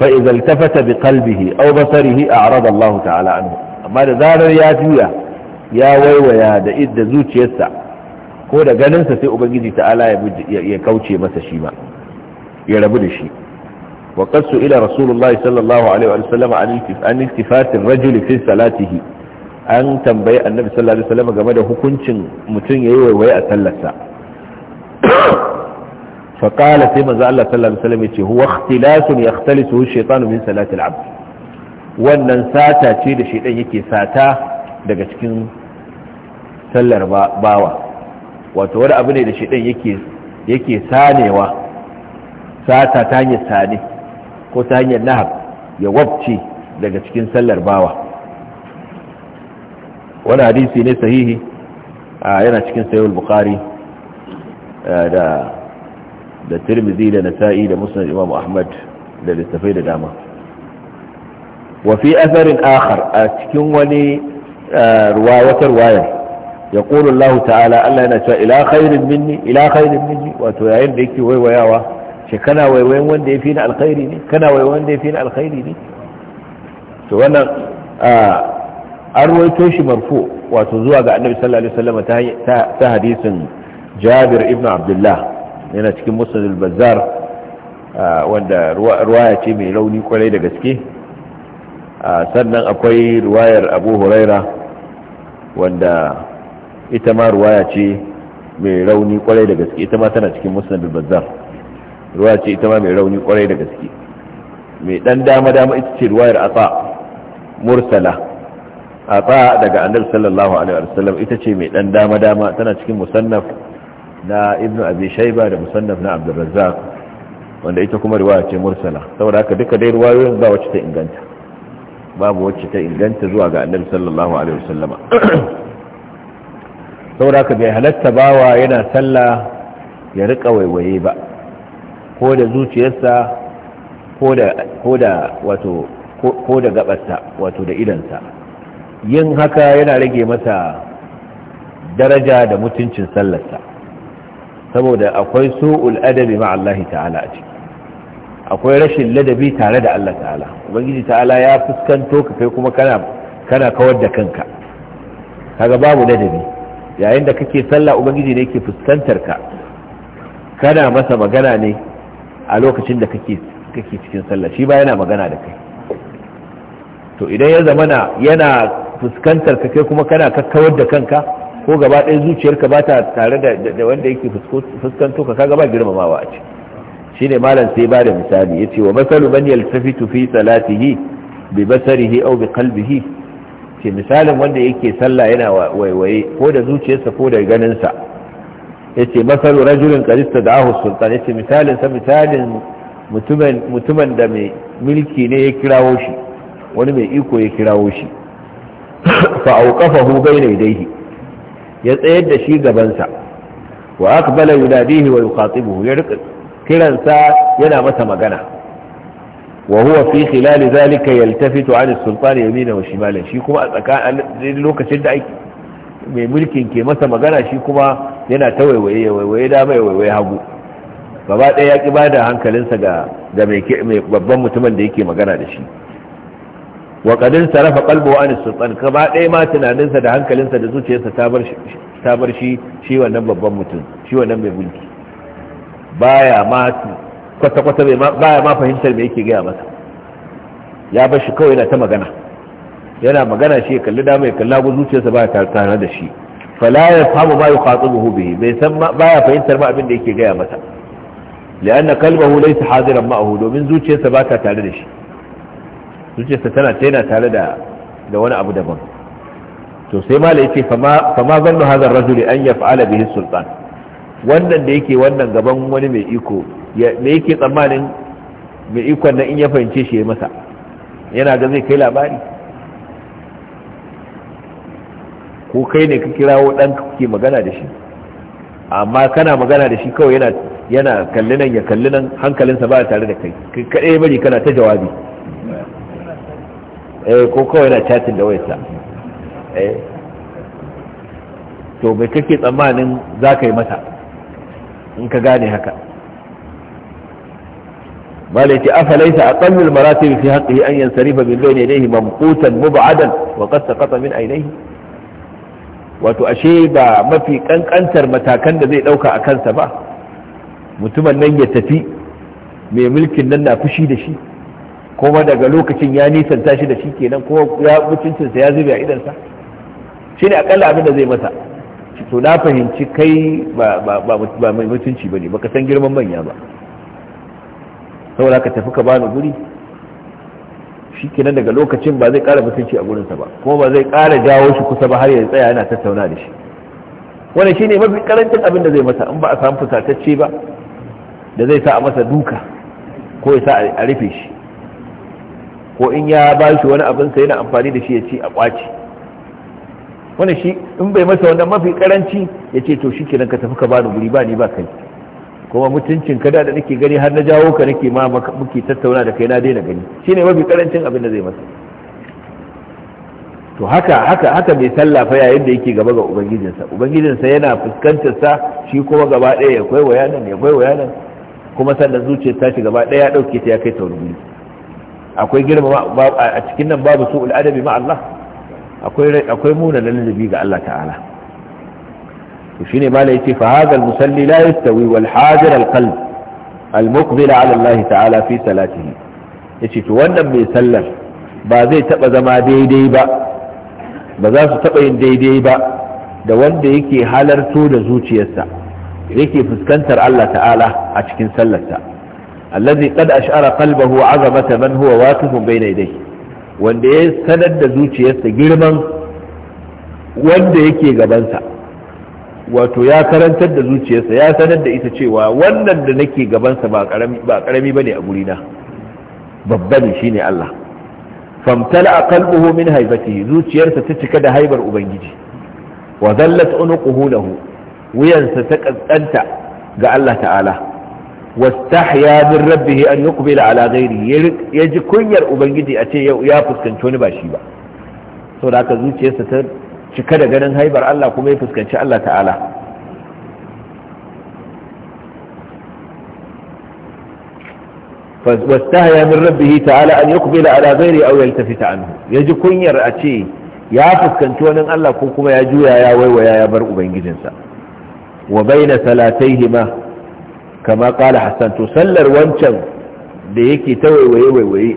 فإذا التفت بقلبه أو بصره أعرض الله تعالى عنه أما ذار يا جويا يا ويويا دا إد زوج يسع ko da ganinsa sai ubangiji ta'ala ya kauce masa shi ba ya rabu da shi wa qasu ila rasulullahi sallallahu alaihi wa sallam an iltifati ar-rajul an tambayi annabi sallallahu alaihi game da hukuncin mutum yayi waiwaye a sallarsa faƙala sai manzo Allah sallallahu alaihi wasallam yace huwa ikhtilasun yakhtalisu shaytanu min salati al-abd wannan sata ce da shaytan yake sata daga cikin sallar bawa wato wani abu ne da shaytan yake yake sanewa sata ta hanyar sane ko ta hanyar nahab ya wabce daga cikin sallar bawa wani hadisi ne sahihi yana cikin sayul bukari da da tirmidhi da nasa'i da musnad imam ahmad da littafai da dama wa fi atharin akhar a cikin wani ruwayatar wayar ya qulu Allah ta'ala Allah yana cewa ila khairin minni ila khairin minni wato yayin da yake waiwayawa shi kana waiwayin wanda yafi ni alkhairi ne kana waiwayin wanda yafi ni alkhairi ne to wannan an ruwaito shi marfu wato zuwa ga annabi sallallahu alaihi wasallam ta hadisin Jabir ibn Abdullah yana cikin musnadul bazar wanda ruwaya ce mai rauni kwarai da gaske sannan akwai ruwayar abu huraira wanda ita ma ruwaya ce mai rauni kwarai da gaske ita ma tana cikin musnadul bazar ruwaya ce ita ma mai rauni kwarai da gaske mai dan dama dama ita ce ruwayar asa mursala asa daga annabi sallallahu alaihi wasallam ita ce mai dan dama dama tana cikin musannaf na ibnu abi shayba da musannaf na razzaq wanda ita kuma riwaya ce mursala saboda haka duka dai riwayoyin ba wacce ta inganta babu wacce ta inganta zuwa ga annabi sallallahu alaihi wasallama saboda haka bai halatta bawa yana sallah ya rika waiwaye ba ko da zuciyarsa ko da wato ko da gabarsa wato da idansa yin haka yana rage masa daraja da mutuncin sallarsa saboda akwai su'ul adabi ma Allah ta'ala a ciki akwai rashin ladabi tare da Allah ta'ala ubangiji ta'ala ya fuskanto ka kai kuma kana kana kawar da kanka kaga babu ladabi yayin da kake sallah ubangiji ne yake fuskantar ka kana masa magana ne a lokacin da kake kake cikin sallah shi ba yana magana da kai to idan ya zamana yana fuskantar ka kai kuma kana kakkawar da kanka ko gaba ɗaya zuciyarka ba ta tare da wanda yake fuskanto ka kaga ba girmamawa a Shi ne malam sai ba da misali Ya ce wa masalu man yaltafitu fi salatihi bi basarihi au bi qalbihi ce misalin wanda yake sallah yana waiwaye ko da zuciyarsa ko da ganinsa Ya yace masalu rajulin qadista da'ahu sultan yace misalin sa misalin mutumin mutumin da mai milki ne ya kirawo shi wani mai iko ya kirawo shi fa auqafahu bayna yadayhi ya tsayar da shi gabansa wa aka yunadihi wa yuqatibuhu ya rika kiransa yana masa magana wa huwa fi khilal zalika yaltafitu ala sultan yamina wa shimala shi kuma a tsakanin lokacin da ake mai mulkin ke masa magana shi kuma yana ta waiwaye waiwaye da mai waiwaye hagu gaba ɗaya ya ƙi bada hankalinsa ga mai babban mutumin da yake magana da shi wa kadin sarafa qalbu an sultan kaba dai ma tunaninsa da hankalinsa da zuciyarsa ta bar shi ta bar shi shi wannan babban mutum shi wannan mai mulki baya ma kwata kwata baya ma fahimtar me yake gaya masa ya bar shi kawai yana ta magana yana magana shi ya kalli dama ya kalla gun zuciyarsa baya tare da shi fala ya famu ma yuqatibuhu bihi bai san baya fahimtar ma abin da yake gaya masa li'anna qalbahu laysa hadiran ma'ahu domin zuciyarsa ba ta tare da shi zuciyarsa tana tana tare da wani abu daban to sai mala yace fa ma zannu hadha ar-rajul an yaf'ala bihi sultan wannan da yake wannan gaban wani mai iko me yake tsammanin mai ikon nan in ya fahimce shi ya masa yana ga zai kai labari ko kai ne ka kirawo dan kake magana da shi amma kana magana da shi kawai yana yana kallinan ya kallinan hankalinsa ba tare da kai kai kadai bari kana ta jawabi eh ko kawai yana chatin da wayarsa eh to me kake tsammanin za ka yi mata in ka gane haka malaiti afalaita a ƙallul maratib fi haƙihi an yansarifa min bayni yadayhi mamqutan mub'adan wa qad saqata min aynayhi wato ashe ba mafi kankantar matakan da zai dauka a kansa ba mutumin nan ya tafi mai mulkin nan na fushi da shi kuma daga lokacin ya nisanta shi da shi kenan kuma ya mutuncinsa ya zube a idansa shi ne akalla abin da zai masa to na fahimci kai ba mai mutunci ba ne baka san girman manya ba saboda ka tafi ka bani guri shi kenan daga lokacin ba zai kara mutunci a gurinsa ba kuma ba zai kara jawo shi kusa ba har ya tsaya yana tattauna da shi wani shine mafi karancin abin da zai masa in ba a samu fusatacce ba da zai sa a masa duka ko ya sa a rufe shi ko in ya ba shi wani abin sai yana amfani da shi ya ci a kwaci wani shi in bai masa wannan mafi karanci ya ce to shi kenan ka tafi ka bani guri ba ni ba kai kuma mutuncin ka da nake gani har na jawo ka nake ma muke tattauna da kai na daina gani shine mafi karancin abin da zai masa to haka haka haka mai sallah fa yayin da yake gaba ga ubangijinsa ubangijinsa yana fuskantar sa shi kuma gaba ɗaya ya kwaiwaya nan ya kwaiwaya nan kuma sannan zuciyar ta shi gaba ɗaya ya dauke ta ya kai ta wani akwai girma a cikin nan babu su adabi ma Allah akwai muna lalabi ga Allah ta'ala to shine mala yace fa hadha musalli la yastawi wal hadir al qalb ala Allah ta'ala fi salatihi yace to wannan mai sallar ba zai taba zama daidai ba ba za su taba yin daidai ba da wanda yake halarto da zuciyarsa yake fuskantar Allah ta'ala a cikin sallarsa allazi qad ash'ara qalbahu 'azamata man huwa waqifun bayna ya sanar da zuciyarsa girman wato ya karantar da zuciyarsa ya sanar da ita cewa wannan da nake gabansa ba karami ba ne a gurina babba ne shi ne Allah famtala a kalbuhu min haibati zuciyarsa ta cika da haibar ubangiji wa zallat unuquhu lahu wuyansa ta kaskanta ga Allah ta'ala wastahya min rabbihi an yuqbila ala ghairi ya ji kunyar ubangiji a ce ya fuskanci wani ba shi da haka zuciyarsa ta cika da ganin haibar Allah kuma ya fuskanci Allah ta'ala واستهيا من ربه تعالى أن يقبل على غيره أو يلتفت عنه يجي ya fuskanci wani Allah, ونن الله كوكما يجويا يا ويويا يا برء بين جنسا وبين ثلاثيهما kama kala hassan to sallar wancan da yake ta waiwaye waiwaye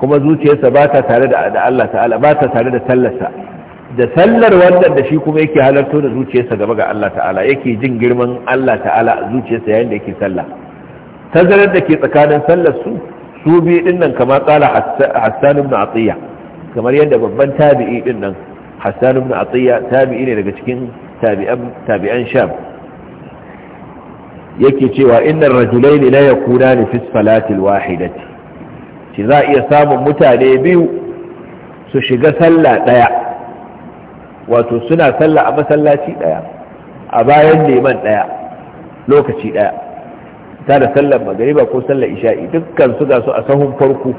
kuma zuciyarsa ba ta tare da Allah ta'ala ba ta tare da sallarsa da sallar wannan da shi kuma yake halarto da zuciyarsa gaba ga Allah ta'ala yake jin girman Allah ta'ala a zuciyarsa yayin da yake sallah tazarar da ke tsakanin sallar su su biyu din nan kama kala hassan ibn atiya kamar yadda babban tabi'i din nan hassan ibn atiya tabi'i ne daga cikin tabi'an sham yake cewa innar rajulaini la yakuna fi salati alwahidati shi za iya samun mutane biyu su shiga sallah daya wato suna sallah a masallaci daya a bayan neman ɗaya lokaci daya ta da sallar magariba ko sallar isha'i dukkan su ga su a sahun farko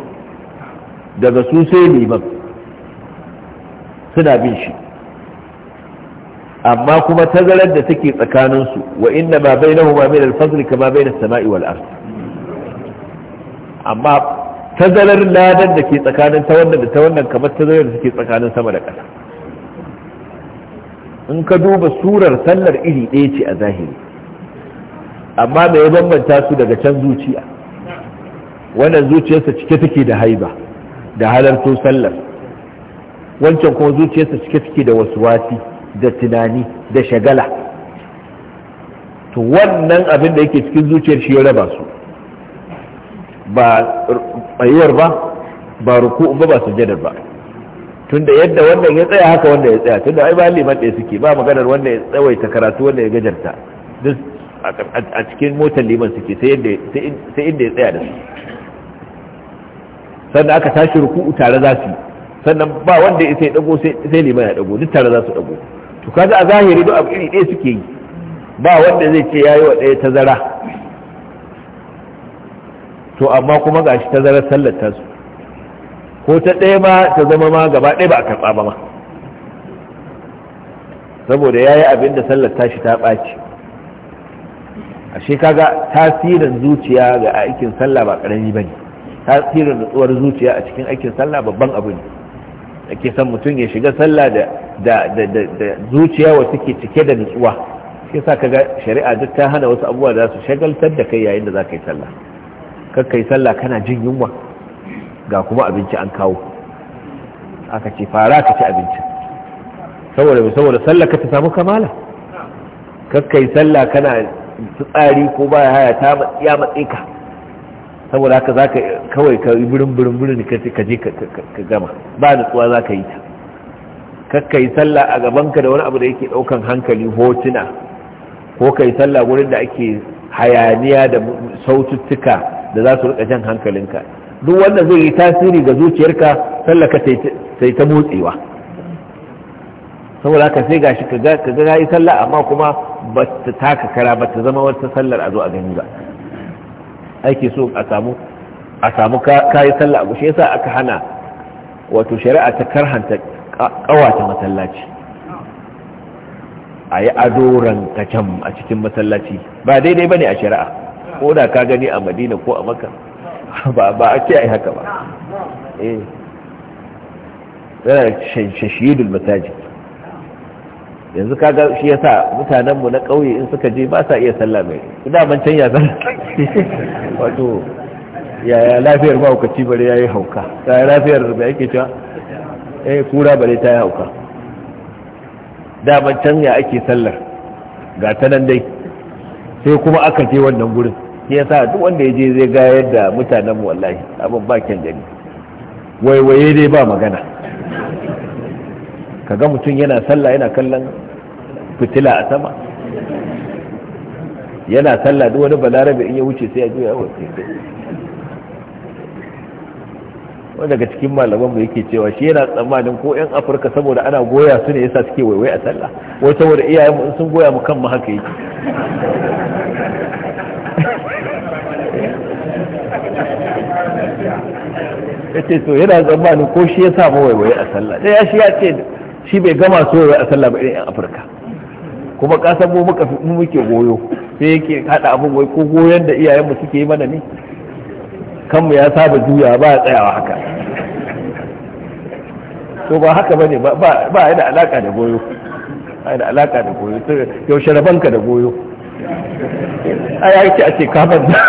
daga su sai liman suna bin shi amma kuma tazarar da take tsakaninsu wa inna ma bainahuma min al-fadl kama bain as-sama'i wal ard amma tazarar ladan da ke tsakanin ta wannan da ta wannan kamar tazarar da take tsakanin sama da ƙasa in ka duba surar sallar iri ɗaya ce a zahiri amma me ya bambanta su daga can zuciya wannan zuciyarsa cike take da haiba da halarto sallar wancan kuma zuciyarsa cike take da wasu wasi da tunani da shagala to wannan abin da yake cikin zuciyar shi ya raba su ba ayyar ba ba ruku ba ba jadar ba tunda yadda wannan ya tsaya haka wanda ya tsaya tunda ai ba liman ɗaya suke ba maganar wanda ya tsawaita karatu wanda ya gajarta a cikin motar liman suke sai inda ya tsaya da su sannan aka tashi ruku'u tare za su sannan ba wanda ya sai dago sai liman ya dago duk tare za su dago to kaza a zahiri duk abu iri ɗaya suke yi ba wanda zai ce yayi wa ɗaya tazara to amma kuma ga shi tazarar sallar tasu ko ta ɗaya ma ta zama ma gaba ɗaya ba a karɓa ba ma saboda yayi abin da sallar shi ta ɓaci ashe kaga tasirin zuciya ga aikin sallah ba ƙarami bane tasirin nutsuwar zuciya a cikin aikin sallah babban abu ne ake son mutum ya shiga sallah da da da zuciya wa take cike da nutsuwa shi yasa kaga shari'a duk ta hana wasu abubuwa da su shagaltar da kai yayin da za ka yi sallah kar ka yi sallah kana jin yunwa ga kuma abinci an kawo aka ce fara ka ci abinci saboda saboda sallah ka ta samu kamala kar ka yi sallah kana tsari ko baya haya ta ya matse ka saboda haka za ka kawai ka yi birin birin birin ka je ka gama ba nutsuwa za ka yi ta kakka yi sallah a gabanka da wani abu da yake daukan hankali hotuna ko ka sallah wurin da ake hayaniya da saututtuka da za su rika jan hankalinka duk wanda zai yi tasiri ga zuciyarka sallah ka sai ta motsewa saboda haka sai gashi ka ga yi sallah amma kuma ba ta taka kara ba ta zama wata sallar a zo a gani ba ake so a samu a kayi sallah abu shi yasa aka hana wato shari'a ta karhanta kawata masallaci a yi ado rankacin a cikin masallaci ba daidai ba ne a shari'a ko da ka gani a madina ko a maka ba a ce a haka ba eh shashidul masajid yanzu kaga shi yasa mutanen mu na kauye in suka je ba sa iya sallah mai da ban canya ya zan wato ya lafiyar ba hukaci bare yayi hauka yaya lafiyar da yake cewa eh kura bare ta yi hauka da ban canya ake sallar ga ta nan dai sai kuma aka je wannan gurin shi yasa duk wanda ya je zai ga yadda mutanen mu wallahi abin ba kyan gani waiwaye dai ba magana kaga mutum yana sallah yana kallon fitila a sama yana sallah duk wani balarabe in ya wuce sai ya juya wace wanda daga cikin malaman mu yake cewa shi yana tsammanin ko yan afirka saboda ana goya su ne yasa suke waiwai a sallah wai saboda iyayen mu sun goya mu kan mu haka yake yace to yana tsammanin ko shi ya samu waiwai a sallah dai ya shi ya ce shi bai gama so ya sallah ba irin yan afirka kuma kasan mu muka mu muke goyo sai yake kada abun wai ko goyon da iyayenmu suke yi mana ne kanmu ya saba juya ba ya tsayawa haka to ba haka bane ba ba da alaka da goyo ba da alaka da goyo yaushe rabanka da goyo ai ake a ce ka banza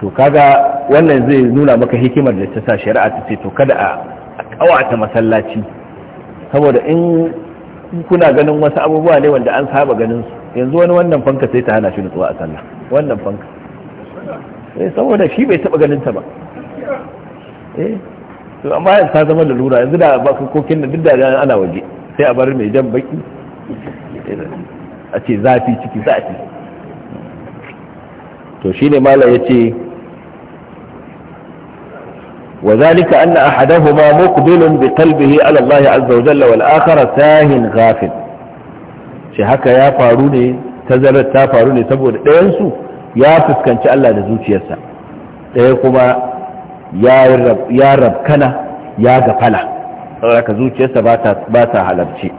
to kaga wannan zai nuna maka hikimar da ta sa shari'a ta ce to kada a kawata masallaci saboda in kuna ganin wasu abubuwa ne wanda an saba ganin su yanzu wani wannan fanka sai ta hana shi nutsuwa a sallah wannan fanka sai eh, saboda shi bai taba ganin ta ba eh to amma yanzu ta zama lalura yanzu da ba kokin da duk da ana waje sai a bar mai jan baki a ce zafi ciki zafi to shine malam yace وذلك أن أحدهما مقبل بقلبه على الله عز وجل والآخر ساهن غافل شهك يا فاروني تزلت تا فاروني سبود ɗayansu ya fuskanci Allah da zuciyarsa ɗaya kuma ya rabkana ya gafala saboda zuciyarsa ba ta halarci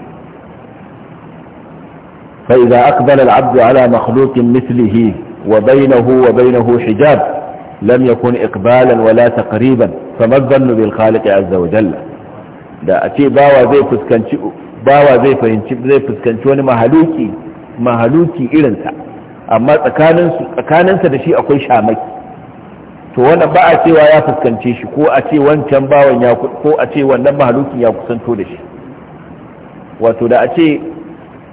فإذا أقبل العبد على مخلوق مثله وبينه وبينه حجاب lam yakun iqbalan wala taqriban famar zannu bil khaliqi azza wa da a ce bawa zai fuskanci bawa zai fahimci zai fuskanci wani mahaluki mahaluki irinsa amma tsakaninsa da shi akwai shamaki to wanda ba a cewa ya fuskance shi ko a ce wancan bawan ya ko a ce wannan mahalukin ya kusanto da shi wato da a ce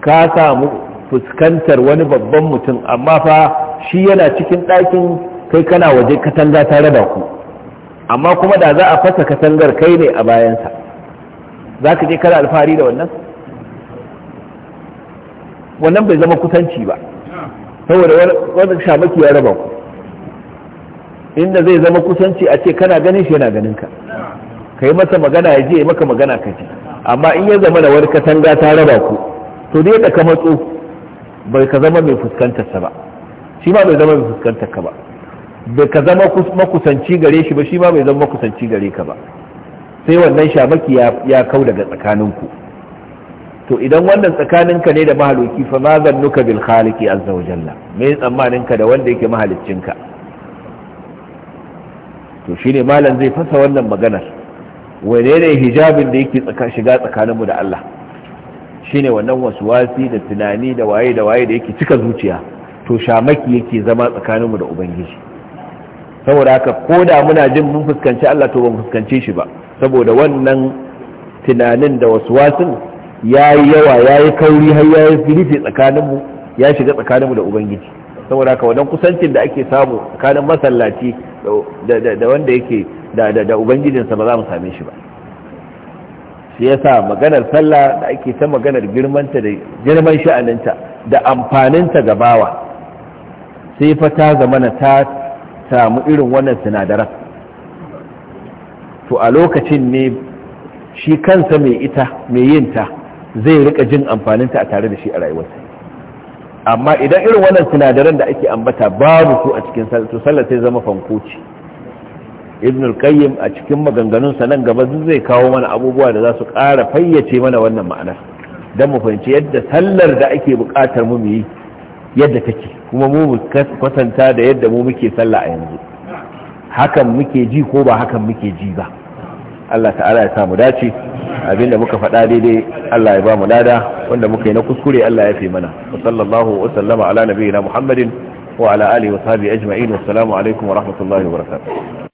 ka samu fuskantar wani babban mutum amma fa shi yana cikin ɗakin kai kana waje katanga tare da ku amma kuma da za a fasa katangar kai ne a bayansa za ka je kana alfahari da wannan wannan bai zama kusanci ba saboda wani shamaki ya raba ku inda zai zama kusanci a ce kana ganin shi yana ganin ka ka yi masa magana ya je maka magana ka ce amma in ya zama da wani katanga ta raba ku to dai da ka matso bai ka zama mai fuskantarsa ba shi ma bai zama mai fuskantar ka ba da ka zama makusanci gare shi ba shi ma bai zama makusanci gare ka ba sai wannan shamaki ya kau daga tsakaninku to idan wannan tsakaninka ne da mahaloki fa ma zannuka bil khaliqi azza wa jalla me ka da wanda yake mahaliccinka to shine malam zai fasa wannan maganar wane ne hijabin da yake shiga tsakaninmu da Allah shine wannan waswasi da tunani da waye da waye da yake cika zuciya to shamaki yake zama tsakaninmu da ubangiji saboda haka ko da muna jin mun fuskanci Allah to ba mu fuskance shi ba saboda wannan tunanin da wasu wasun ya yi yawa ya yi kauri har ya yi filifi tsakaninmu ya shiga tsakaninmu da ubangiji saboda haka wannan kusancin da ake samu tsakanin masallaci da wanda yake da ubangijinsa ba za mu same shi ba shi yasa maganar sallah da ake ta maganar girmanta da girman sha'aninta da amfaninta ga bawa sai fa ta zamana ta samu irin wannan sinadaran to a lokacin ne shi kansa mai ita mai yin ta zai rika jin amfaninta a tare da shi a rayuwarsa amma idan irin wannan sinadaran da ake ambata babu su a cikin sallah to sallah sai zama fankoci ibn al-qayyim a cikin maganganunsa nan gaba zai kawo mana abubuwa da za su ƙara fayyace mana wannan ma'ana dan mu fahimci yadda sallar da ake buƙatar mu yi yadda take kuma mu mu kwatanta da yadda mu muke sallah a yanzu hakan muke ji ko ba hakan muke ji ba Allah ta'ala ya samu dace abinda muka faɗa daidai Allah ya ba mu lada wanda muka yi na kuskure Allah ya fi mana wa sallallahu wa sallama ala nabiyina Muhammadin wa ala alihi wa sahbihi ajma'in wa assalamu alaikum wa rahmatullahi wa barakatuh